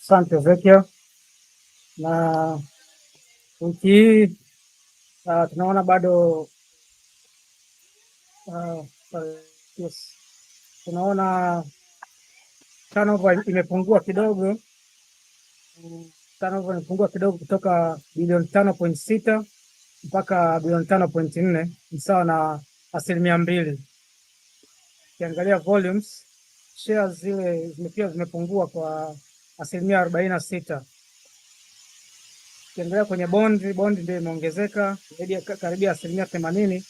Asante Ezekiel. Na wiki hii uh, tunaona bado uh, yes. Tunaona turnover imepungua kidogo, turnover imepungua kidogo kutoka bilioni tano point sita mpaka bilioni tano point nne ni sawa na asilimia mbili. Ukiangalia volumes shares zile pia zimepungua kwa asilimia arobaini na sita. Ukiangalia kwenye bondi, bondi ndio imeongezeka karibia asilimia themanini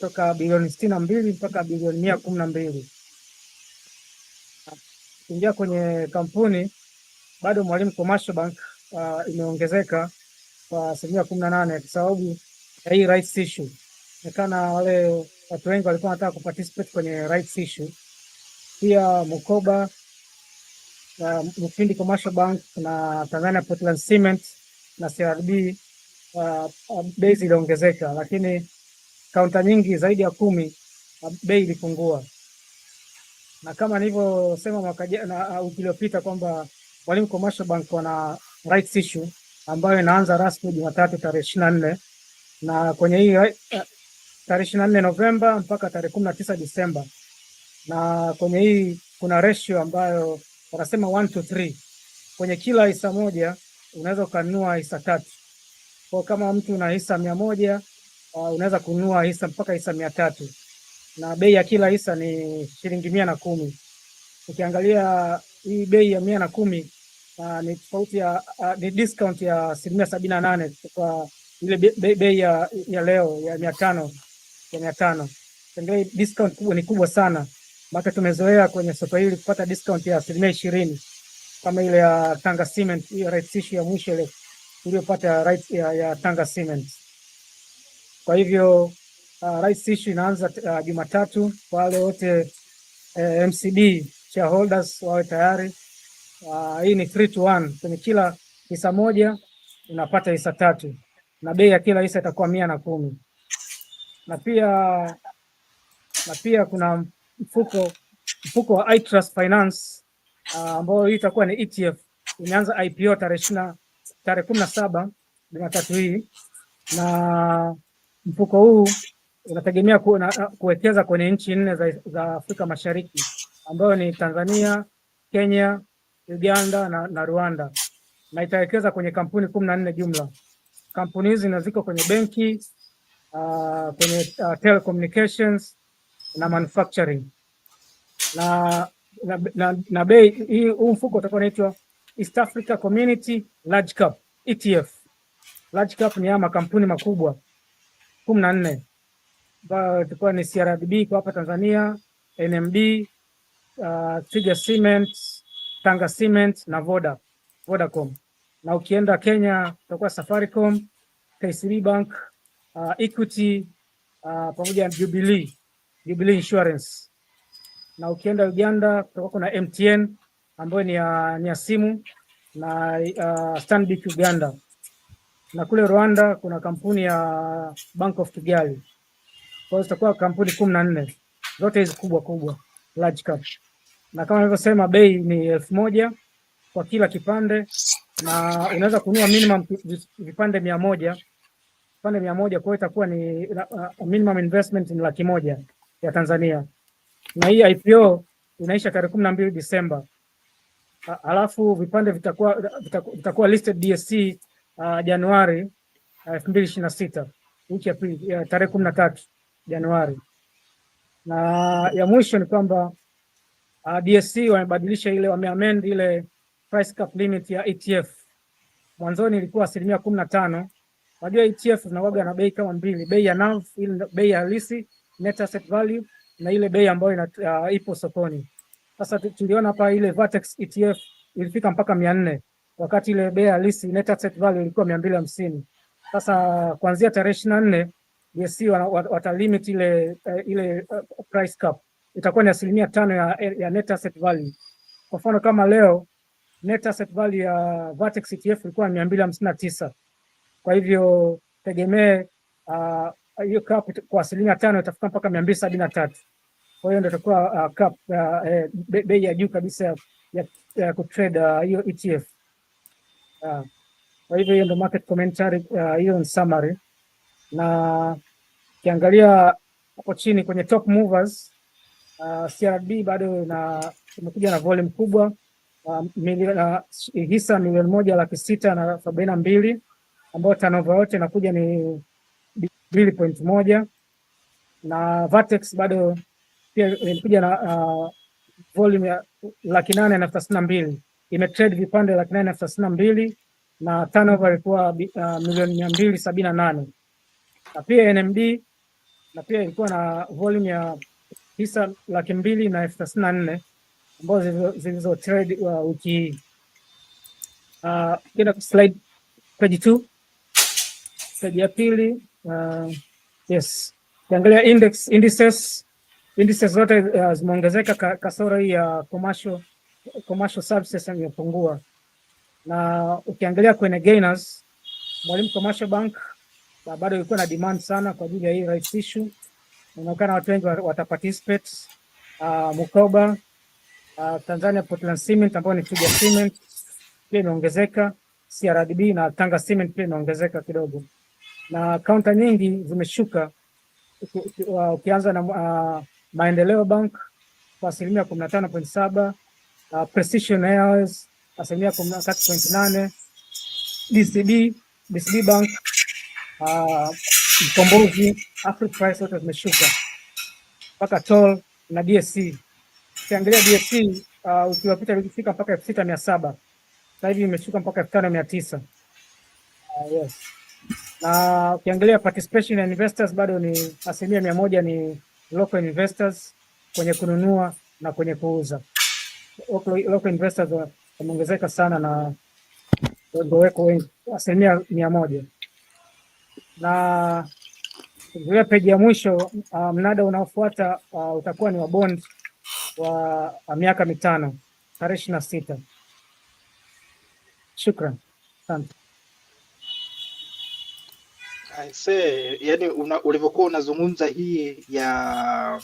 toka bilioni sitini na mbili mpaka bilioni mia kumi na mbili. Ukiingia kwenye kampuni bado Mwalimu Commercial Bank uh, imeongezeka kwa asilimia kumi na nane kwa sababu ya hii rights issue. Nekana wale watu wengi walikuwa wanataka kuparticipate kwenye rights issue pia Mukoba uh, Mufindi Commercial Bank na Tanzania Portland Cement na CRB uh, um, bei ziliongezeka, lakini kaunta nyingi zaidi ya kumi uh, bei ilipungua, na kama nilivyosema mwaka jana au uh, iliyopita kwamba Mwalimu Commercial Bank wana rights issue ambayo inaanza rasmi Jumatatu tarehe ishirini na nne na kwenye hii uh, tarehe ishirini na nne Novemba mpaka tarehe kumi na tisa Disemba na kwenye hii kuna ratio ambayo wanasema 1 to 3 Kwenye kila hisa moja unaweza ukanunua hisa tatu. Kwa kama mtu una hisa mia moja uh, unaweza kununua hisa mpaka hisa mia tatu na bei ya kila hisa ni shilingi mia na kumi. Ukiangalia hii bei ya mia na kumi uh, ni tofauti ya uh, ni discount ya asilimia sabini na nane kutoka ile bei be ya, ya leo ya mia tano ya mia tano. Discount kubwa ni kubwa sana. Maana tumezoea kwenye soko hili kupata discount ya asilimia ishirini kama ile ya Tanga Cement, hiyo rights issue ya mwisho ile iliyopata rights ya, ya Tanga Cement. Kwa hivyo uh, rights issue inaanza uh, Jumatatu. Wale wote eh, MCD shareholders wawe tayari. Uh, hii ni 3 to 1 kwenye kila hisa moja unapata hisa tatu na bei ya kila hisa itakuwa mia na kumi na pia na pia kuna mfuko mfuko wa iTrust Finance ah, ambao uh, hii itakuwa ni ETF imeanza IPO tarehe tarehe kumi na saba Jumatatu hii, na mfuko huu unategemea kuwekeza kwenye nchi nne za, za Afrika Mashariki ambayo ni Tanzania, Kenya, Uganda na, na Rwanda na itawekeza kwenye kampuni kumi na nne jumla. Kampuni hizi ziko kwenye benki uh, kwenye uh, telecommunications na manufacturing na, na, na, na bei hii. Huu mfuko utakuwa unaitwa East Africa Community Large Cap ETF. Large Cap ni haya makampuni makubwa kumi na nne ambayo itakuwa ni CRDB kwa hapa Tanzania, NMB, uh, Twiga Cement, Tanga Cement na Voda, Vodacom na ukienda Kenya utakuwa Safaricom, KCB Bank, uh, Equity, uh, pamoja na Jubilee Jubilee Insurance. Na ukienda Uganda kutakuwa kuna MTN ambayo ni ya, ni ya simu na uh, Stanbic Uganda. Na kule Rwanda kuna kampuni ya Bank of Kigali. Kwa hiyo zitakuwa kampuni 14 zote hizi kubwa kubwa large cap. Na kama nilivyosema bei ni elfu moja kwa kila kipande na unaweza kununua minimum vipande mia moja vipande mia moja kwa hiyo itakuwa ni uh, minimum investment ni laki moja ya Tanzania, na hii IPO inaisha tarehe kumi na mbili Disemba. Halafu vipande vitakuwa, vitakuwa, vitakuwa listed DSC uh, Januari elfu mbili ishirini na sita wiki ya pili ya tarehe kumi na tatu Januari. Na ya mwisho ni kwamba uh, DSC wamebadilisha ile, wameamend ile price cap limit ya ETF. Mwanzoni ilikuwa asilimia kumi na tano. Unajua ETF zinakuwa na bei kama mbili, bei ya NAV, bei halisi net asset value na ile bei ambayo ina, uh, ipo sokoni. Sasa tuliona hapa ile Vertex ETF ilifika mpaka 400 wakati ile bei halisi net asset value ilikuwa 250. Sasa kuanzia tarehe 24 na nne BSC watalimit ile, uh, ile uh, price cap itakuwa ni asilimia tano ya, eh, ya net asset value. Kwa mfano kama leo net asset value ya Vertex ETF ilikuwa 259. Kwa hivyo tegemee uh, Ah, hiyo CAP kwa asilimia tano itafika mpaka mia mbili sabini na tatu. Kwa hiyo ndio itakuwa uh, ah, CAP uh, ah, eh, bei ya juu kabisa ya, ya kutrade hiyo uh, ETF uh, kwa hivyo hiyo ndio market commentary hiyo, uh, in summary. Na kiangalia hapo chini kwenye top movers uh, CRB bado na imekuja na volume kubwa uh, milia, uh, hisa milioni moja laki sita na arobaini na mbili ambayo tanova yote inakuja ni mbili point moja na Vertex bado pia ilikuja na uh, volume ya laki nane na elfu thelathini na mbili imetrade vipande laki nane na elfu thelathini na mbili na turnover ilikuwa uh, milioni mia mbili sabini na nane na pia NMD na pia ilikuwa na volume ya hisa laki mbili na elfu thelathini na nne ambazo zilizo trade uh, wiki hii. Uh, kenda slide page two, page ya pili Uh, yes, ukiangalia index indices indices zote uh, zimeongezeka kasoro hii ya commercial commercial services imepungua, na ukiangalia kwenye gainers Mwalimu Commercial Bank bado ilikuwa na demand sana kwa ajili ya hii rights issue. Inaonekana watu wengi wataparticipate. Uh, Mukoba uh, Tanzania Portland Cement ambayo ni Twiga Cement pia imeongezeka, CRDB na Tanga Cement pia imeongezeka kidogo na kaunta nyingi zimeshuka, ukianza na uh, Maendeleo Bank kwa asilimia kumi na tano point saba uh, Precision Airways asilimia kumi na tatu point nane DCB, DCB Bank uh, Mkombozi, Africa Price zote zimeshuka mpaka toll na DSC. Ukiangalia DSC uh, ukiwapita ilifika mpaka elfu sita mia saba sasa hivi imeshuka mpaka elfu tano mia tisa. Uh, yes na ukiangalia participation ya investors bado ni asilimia mia moja ni local investors kwenye kununua na kwenye kuuza. Local, local investors wameongezeka sana na weko wengi asilimia mia moja na ukiangalia peji ya mwisho uh, mnada unaofuata uh, utakuwa ni wa bond wa uh, miaka mitano tarehe ishirini na sita. Shukran, asante. Aise, yani una, ulivyokuwa unazungumza hii ya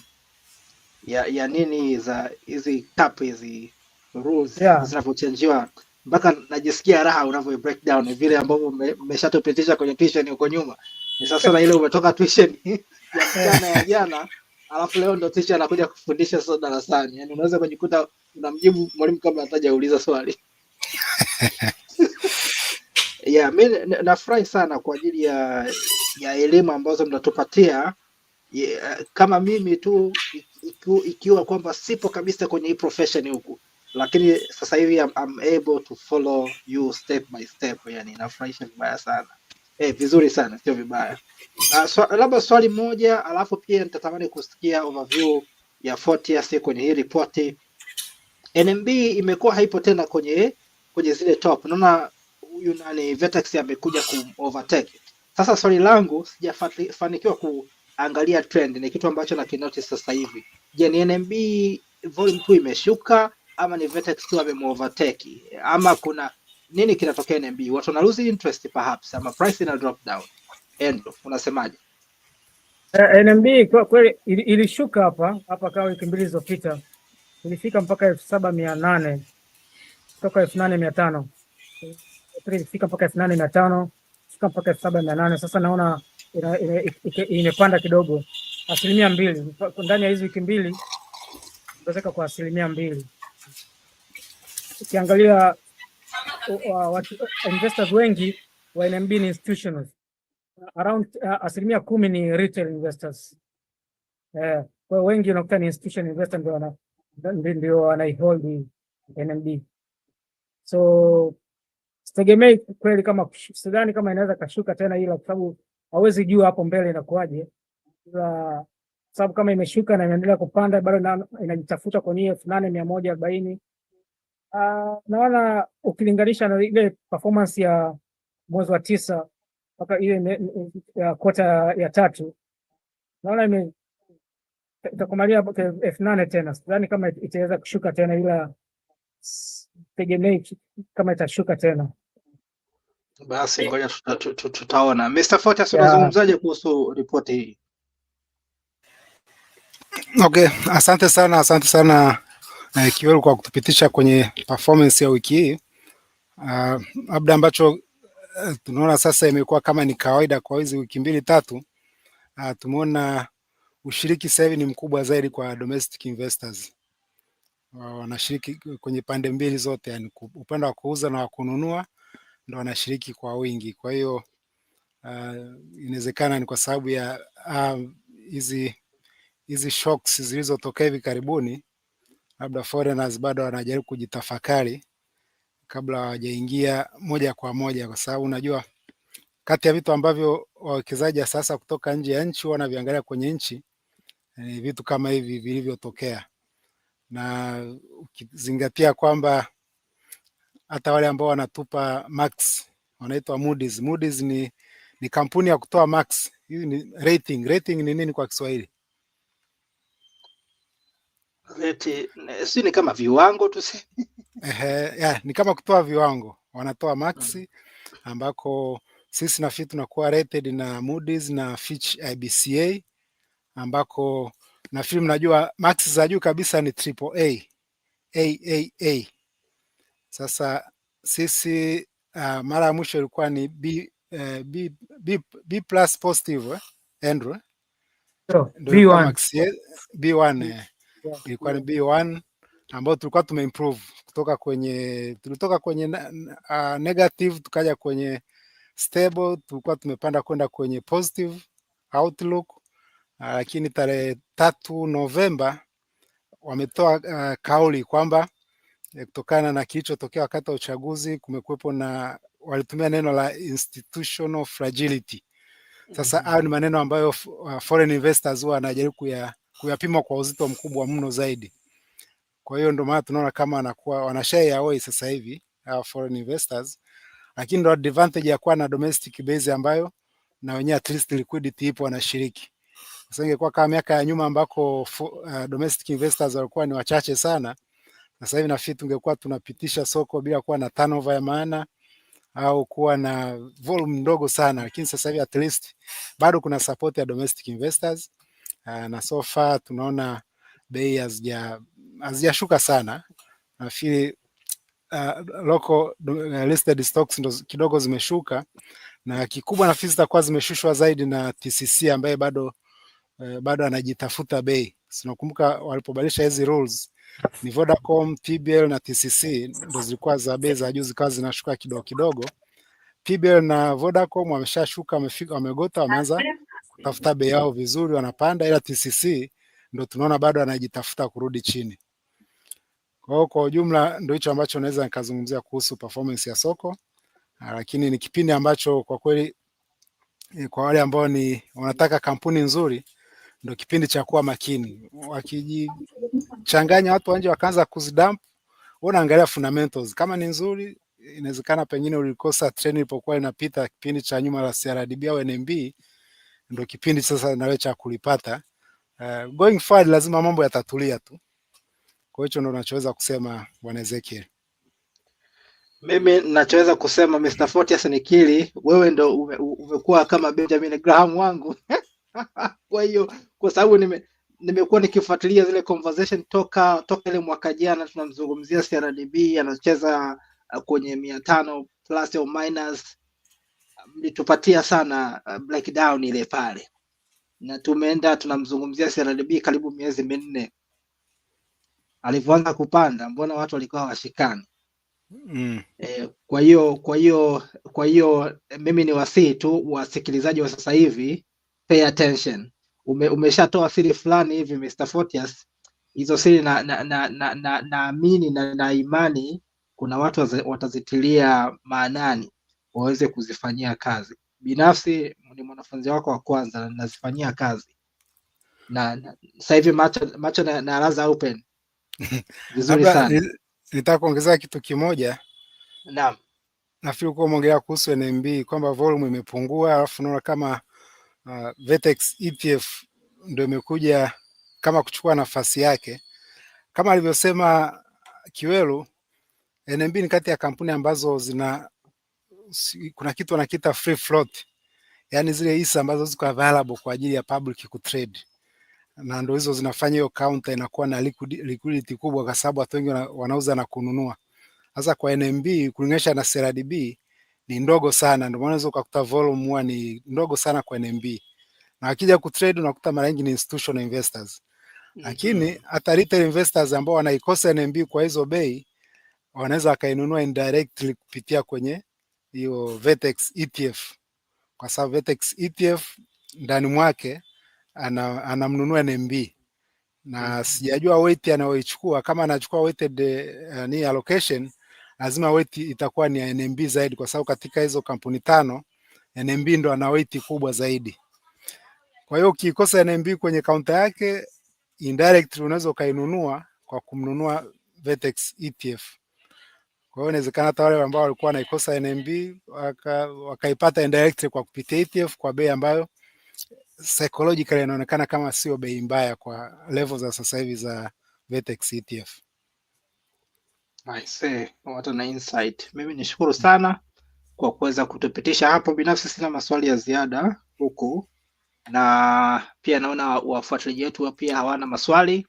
ya ya nini za hizi cup hizi rules yeah, zinavyochanjiwa mpaka najisikia raha unavyo break down vile ambavyo mmeshatupitisha kwenye tuition huko nyuma. Ni sasa na ile umetoka tuition ya jana ya jana, alafu leo ndo teacher anakuja kufundisha sasa darasani. Yani unaweza kujikuta unamjibu mwalimu kabla hataja uliza swali Yeah, mi nafurahi sana kwa ajili ya ya elimu ambazo mnatupatia yeah, kama mimi tu ikiwa, ikiwa kwamba sipo kabisa kwenye hii profession huku, lakini sasa hivi I'm, I'm able to follow you step by step, yani nafurahisha vibaya sana eh, vizuri sana sio vibaya. Uh, ah, so, labda swali moja alafu pia nitatamani kusikia overview ya Fortius kwenye hii ripoti. NMB imekuwa haipo tena kwenye kwenye zile top, naona huyu nani Vertex amekuja ku overtake. Sasa swali langu sijafanikiwa kuangalia trend, ni kitu ambacho na kinoti sasa hivi. Je, ni NMB volume tu imeshuka ama ni Vertex tu ame overtake ama kuna nini kinatokea NMB? Watu wana lose interest perhaps ama price ina drop down. Endo, unasemaje? Uh, eh, NMB kwa kweli ilishuka hapa hapa kama wiki mbili zilizopita ilifika mpaka 7800 toka 8500 ilifika mpaka elfu nane mia tano fika mpaka elfu saba mia nane Sasa naona imepanda kidogo, asilimia mbili ndani ya hizi wiki mbili, ongezeka kwa asilimia mbili. Ukiangalia investors wengi wa NMB ni institutional around uh, asilimia kumi ni retail investors eh, kwa wengi unakuta ni institutional investor ndio wana ndio wanaihold NMB so Sitegemei kweli, kama sidhani kama inaweza kashuka tena ila kwa sababu hawezi jua hapo mbele inakuwaje, kwa sababu kama imeshuka na inaendelea kupanda bado inajitafuta kwenye elfu nane mia moja arobaini. Uh, naona ukilinganisha na ile performance ya mwezi wa tisa mpaka ile ya kota ya tatu, naona ime itakumalia elfu nane tena. Sidhani kama itaweza kushuka tena ila tegemei kama itashuka tena. Basi eh. ngoja tutaona. Mr. Fortas, unazungumzaje kuhusu ripoti hii? Okay, asante sana, asante sana eh, Kiweru kwa kutupitisha kwenye performance ya wiki hii. Uh, labda ambacho uh, tunaona sasa imekuwa kama ni kawaida kwa hizi wiki mbili tatu, uh, tumeona ushiriki sasa hivi ni mkubwa zaidi kwa domestic investors wanashiriki kwenye pande mbili zote, yani upande wa kuuza na wa kununua ndo wanashiriki kwa wingi. Kwa hiyo uh, inawezekana ni kwa sababu ya ah, hizi uh, hizi shocks zilizotokea hivi karibuni, labda foreigners bado wanajaribu kujitafakari kabla hawajaingia moja kwa moja, kwa sababu unajua kati ya vitu ambavyo wawekezaji sasa kutoka nje ya nchi wanaviangalia kwenye nchi ni vitu kama hivi vilivyotokea na ukizingatia kwamba hata wale ambao wanatupa max wanaitwa Moody's. Moody's ni, ni kampuni ya kutoa max. Hii ni rating. Rating ni nini kwa Kiswahili? Si ni kama viwango tu yeah, ni kama kutoa viwango, wanatoa maxi mm. ambako sisi nafikiri tunakuwa rated na Moody's na Fitch IBCA ambako nafikiri mnajua max za juu kabisa ni triple A. A, A, A. Sasa sisi uh, mara ya mwisho ilikuwa ni B, uh, B, B, B plus positive eh? Andrew B1. B1 eh. eh. Ilikuwa ni B1 ambayo tulikuwa tumeimprove kutoka kwenye tulitoka kwenye uh, negative tukaja kwenye stable, tulikuwa tumepanda kwenda kwenye positive outlook Ah, lakini tarehe tatu Novemba wametoa uh, kauli kwamba eh, kutokana na kilichotokea wakati wa uchaguzi kumekuwepo na walitumia neno la institutional fragility. Sasa mm-hmm. hayo mm -hmm. ni maneno ambayo ah, foreign investors huwa wanajaribu kuya, kuyapima kwa uzito mkubwa mno zaidi. Kwa hiyo ndio maana tunaona kama wanakuwa wanashare away sasa hivi uh, foreign investors, lakini ndio advantage ya kuwa na domestic base ambayo na wenyewe at least liquidity ipo wanashiriki. Sasa ingekuwa kama miaka ya nyuma ambako uh, domestic investors walikuwa ni wachache sana, na sasa hivi nafikiri tungekuwa tunapitisha soko bila kuwa na turnover ya maana au kuwa na volume ndogo sana, lakini sasa hivi at least bado kuna support ya domestic investors uh, na so far tunaona bei hazija hazijashuka sana. Nafikiri uh, local uh, listed stocks ndo kidogo zimeshuka, na kikubwa nafikiri zitakuwa zimeshushwa zaidi na TCC ambaye bado Eh, bado anajitafuta bei. Sinakumbuka walipobadilisha hizi rules ni Vodacom, PBL na TCC ndo zilikuwa za bei za juu, zikawa zinashuka kidogo kidogo. PBL na Vodacom wameshashuka, wamefika, wamegota, wameanza kutafuta bei yao vizuri, wanapanda, ila TCC ndo tunaona bado anajitafuta kurudi chini. Kwa hiyo kwa ujumla ndo hicho ambacho naweza nikazungumzia kuhusu performance ya soko, ah, lakini ni kipindi ambacho kwa kweli eh, kwa wale ambao ni wanataka kampuni nzuri ndo kipindi cha kuwa makini. Wakijichanganya watu wanje wakaanza kuzidump, unaangalia fundamentals kama ni nzuri, inawezekana pengine ulikosa treni ilipokuwa inapita kipindi cha nyuma la CRDB au NMB, ndo kipindi sasa nawe cha kulipata. Uh, going forward lazima mambo yatatulia tu. Kwa hicho ndo nachoweza kusema bwana Ezekiel. Mimi nachoweza kusema Mr. Fortius Nikili, wewe ndo umekuwa kama Benjamin Graham wangu kwa hiyo kwa sababu nime nimekuwa nikifuatilia zile conversation toka toka ile mwaka jana, tunamzungumzia CRDB anacheza uh, kwenye mia tano plus au minus, mlitupatia sana uh, breakdown ile pale, na tumeenda tunamzungumzia CRDB karibu miezi minne. Alivyoanza kupanda, mbona watu walikuwa washikani? Mm. E, kwa hiyo kwa hiyo kwa hiyo mimi ni wasii tu wasikilizaji wa sasa hivi pay attention. Ume, umeshatoa siri fulani hivi Mr. Fortius, hizo siri naamini na, na, na, na, na, na, na imani kuna watu watazitilia maanani waweze kuzifanyia kazi. Binafsi ni mwanafunzi wako wa kwanza na nazifanyia kazi na, na sasa hivi macho, macho na, na raza open vizuri sana. Nitaka kuongezea kitu kimoja. Naam, nafikiri kuwa umeongelea kuhusu NMB kwamba volume imepungua, alafu naona kama uh, Vetex ETF ndio imekuja kama kuchukua nafasi yake. Kama alivyosema Kiwelu, NMB ni kati ya kampuni ambazo zina kuna kitu wanakiita free float, yani zile hisa ambazo ziko available kwa ajili ya public trade, na ndio hizo zinafanya hiyo counter inakuwa na liquidity kubwa, kwa sababu watu wengi wanauza na kununua. Sasa kwa NMB kulinganisha na CRDB ni ndogo sana, ndio maana unaweza ukakuta volume huwa ni ndogo sana kwa NMB, na akija kutrade unakuta mara nyingi ni institutional investors, mm-hmm. lakini hata retail investors ambao wanaikosa NMB kwa hizo bei wanaweza wakainunua indirectly kupitia kwenye hiyo Vetex ETF, kwa sababu Vetex ETF ndani mwake ana, anamnunua NMB na mm -hmm. Sijajua weight anayoichukua kama anachukua weighted uh, ni allocation mm lazima weti itakuwa ni ya NMB zaidi, kwa sababu katika hizo kampuni tano NMB ndo ana weti kubwa zaidi. Kwa hiyo ukikosa NMB kwenye kaunta yake, indirect, unaweza ukainunua kwa kumnunua Vetex ETF. Kwa hiyo inawezekana hata wale ambao walikuwa naikosa NMB waka, wakaipata indirect kwa kupitia ETF kwa bei ambayo psychologically inaonekana kama sio bei mbaya kwa level za sasa hivi za Vetex ETF. Aisee, eh, watu na insight. Mimi nishukuru sana kwa kuweza kutupitisha hapo. Binafsi sina maswali ya ziada huku, na pia naona wafuatiliaji wetu pia hawana maswali.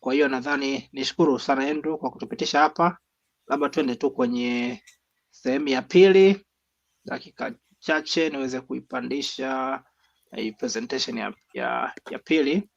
Kwa hiyo nadhani nishukuru sana Andrew kwa kutupitisha hapa, labda tuende tu kwenye sehemu ya pili, dakika chache niweze kuipandisha hii eh, presentation ya, ya, ya pili.